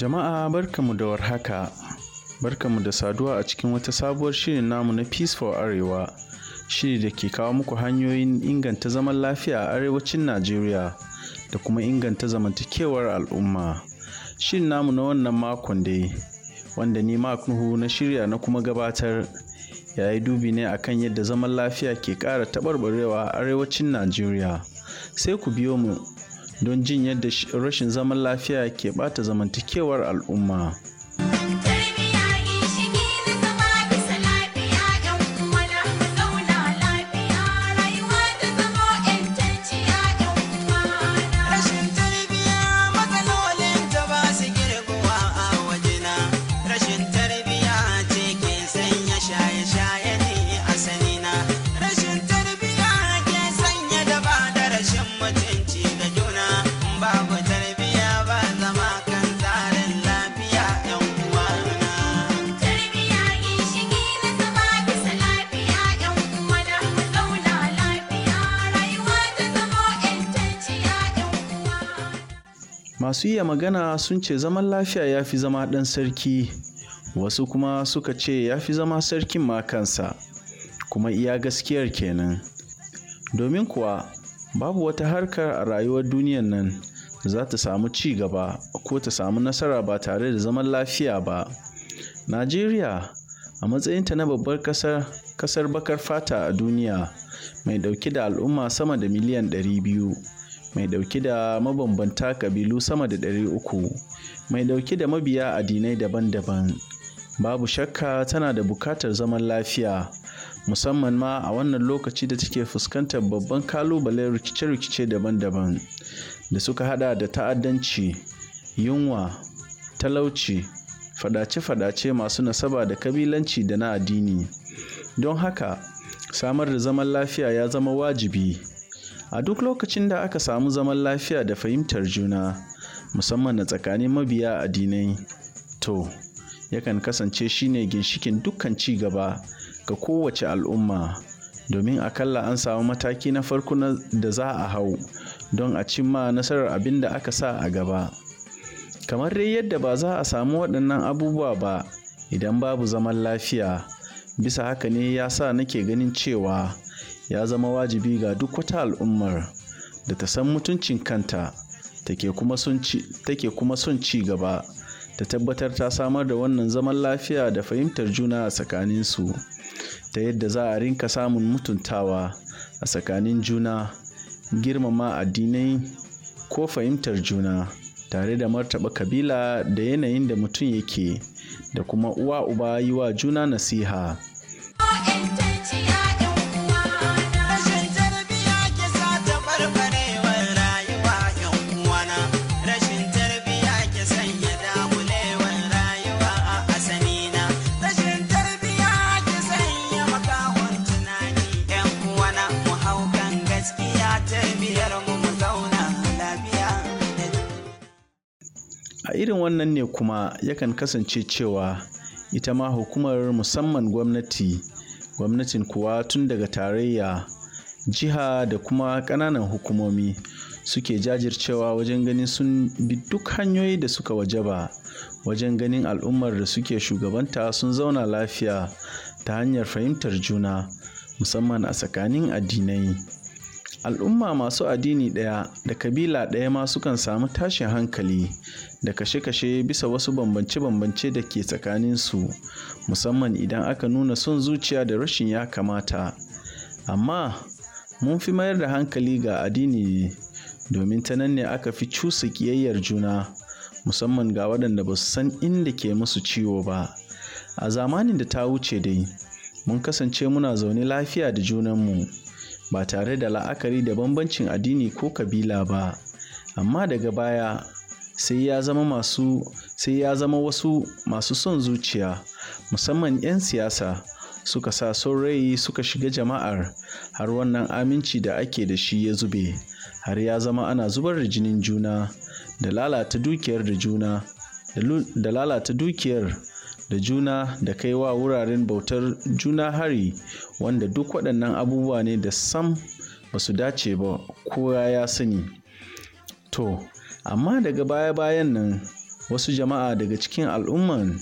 Jama'a barkamu da warhaka. Barkamu da saduwa a cikin wata sabuwar shirin namu na Peace for Arewa. Shiri da ke kawo muku hanyoyin inganta zaman lafiya a arewacin Najeriya da kuma inganta zamantakewar al'umma. Shirin namu na wannan makon dai, wanda ni Mark Nuhu na shirya na kuma gabatar ya yi dubi ne akan yadda zaman lafiya ke kara taɓarɓarewa a arewacin Najeriya. Sai ku biyo mu don jin yadda rashin zaman lafiya ke ɓata zamantakewar al'umma. Masu iya magana sun ce zaman lafiya ya fi zama ɗan sarki, wasu kuma suka ce ya fi zama sarkin ma kansa, kuma iya gaskiyar kenan. Domin kuwa, babu wata harkar a rayuwar duniyar nan za ta samu ci gaba ko ta samu nasara ba tare da zaman lafiya ba. Najeriya, a matsayinta na babbar kasar, kasar bakar fata a duniya, mai ɗauke da al'umma sama da miliyan 200. mai ɗauki da mabambanta kabilu sama da ɗari uku mai ɗauki da mabiya addinai daban-daban babu shakka tana da bukatar zaman lafiya musamman ma a wannan lokaci da take fuskantar babban kalubalen rikice-rikice daban-daban da suka hada da ta'addanci yunwa talauci fadace-fadace masu nasaba da kabilanci da na addini don haka samar da zaman lafiya ya zama wajibi A duk lokacin da aka samu zaman lafiya da fahimtar juna, musamman na tsakanin mabiya addinai, to, yakan kasance shine ginshikin dukkan ci gaba ga kowace al'umma. Domin akalla an samu mataki na farko da za a hau don a cimma nasarar abin da aka sa a gaba. Kamar dai yadda ba za a samu waɗannan abubuwa ba idan babu zaman lafiya, bisa haka ne ya sa nake ganin cewa. ya zama wajibi ga duk wata al'ummar da ta san mutuncin kanta take kuma son ci gaba ta tabbatar ta samar da wannan zaman lafiya da fahimtar juna a tsakaninsu ta yadda za a rinka samun mutuntawa a tsakanin juna girmama addinai ko fahimtar juna tare da martaba kabila da yanayin da mutum yake da kuma uwa uba yi wa juna nasiha. a irin wannan ne kuma yakan kasance cewa ita ma hukumar musamman gwamnati gwamnatin kuwa tun daga tarayya jiha da kuma ƙananan hukumomi suke jajircewa wajen ganin sun bi duk hanyoyi da suka wajaba wajen ganin al'ummar da suke shugabanta sun zauna lafiya ta hanyar fahimtar juna musamman a tsakanin addinai. Al'umma masu addini ɗaya da kabila ɗaya ma sukan samu tashin hankali da kashe-kashe bisa wasu bambance-bambance da ke tsakaninsu, musamman idan aka nuna son zuciya da rashin ya kamata. Amma mun fi mayar da hankali ga addini ne, domin ta nan ne aka fi cusa ƙiyayyar juna, musamman ga waɗanda ba su san inda ke musu ciwo ba. A zamanin da ta wuce dai, mun kasance muna zaune lafiya da junanmu. ba tare da la'akari da bambancin addini ko kabila ba amma daga baya sai ya zama masu sai ya zama wasu masu son zuciya musamman 'yan siyasa suka sa son rai suka shiga jama'ar har wannan aminci da ake da shi ya zube har ya zama ana zubar da jinin juna da lalata dukiyar da juna da lalata dukiyar da juna da kaiwa wuraren bautar juna hari wanda duk waɗannan abubuwa ne da sam ba su dace ba ko ya sani. To, amma daga baya-bayan nan wasu jama'a daga cikin al'umman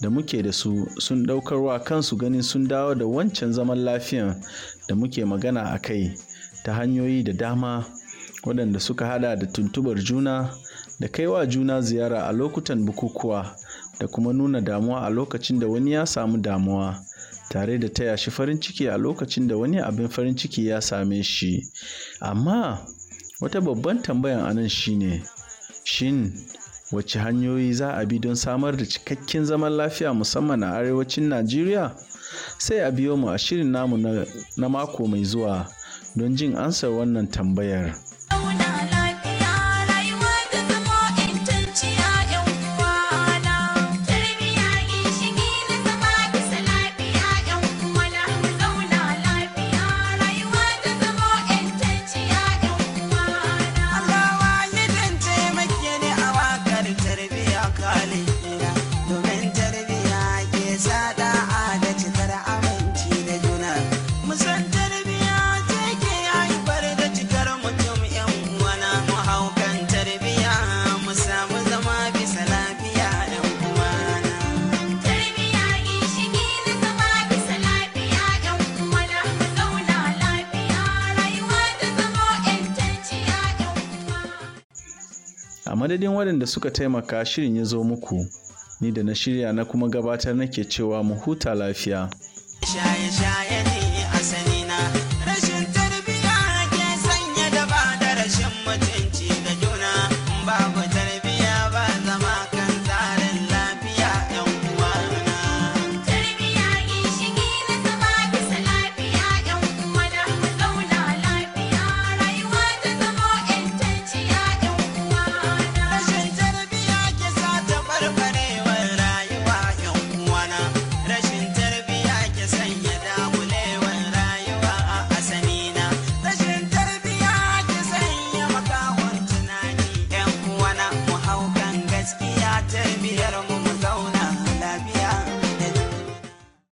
da muke da su sun ɗaukarwa kansu ganin sun dawo da wancan zaman lafiyan da muke magana a kai ta hanyoyi da dama waɗanda suka hada da tuntubar juna da kaiwa juna ziyara a lokutan bukukuwa da kuma nuna damuwa a lokacin da wani ya samu damuwa tare da taya shi farin ciki a lokacin da wani abin farin ciki ya same shi. Amma wata babban tambayan anan shine, shin wace hanyoyi za a bi don samar da cikakken zaman lafiya musamman a arewacin Najeriya? Sai a biyo mu a shirin namu na mako mai zuwa don jin ansar wannan tambayar. madadin waɗanda suka taimaka shirin ya zo muku ni da na shirya na kuma gabatar nake cewa mu huta lafiya Shaya, shaya, ne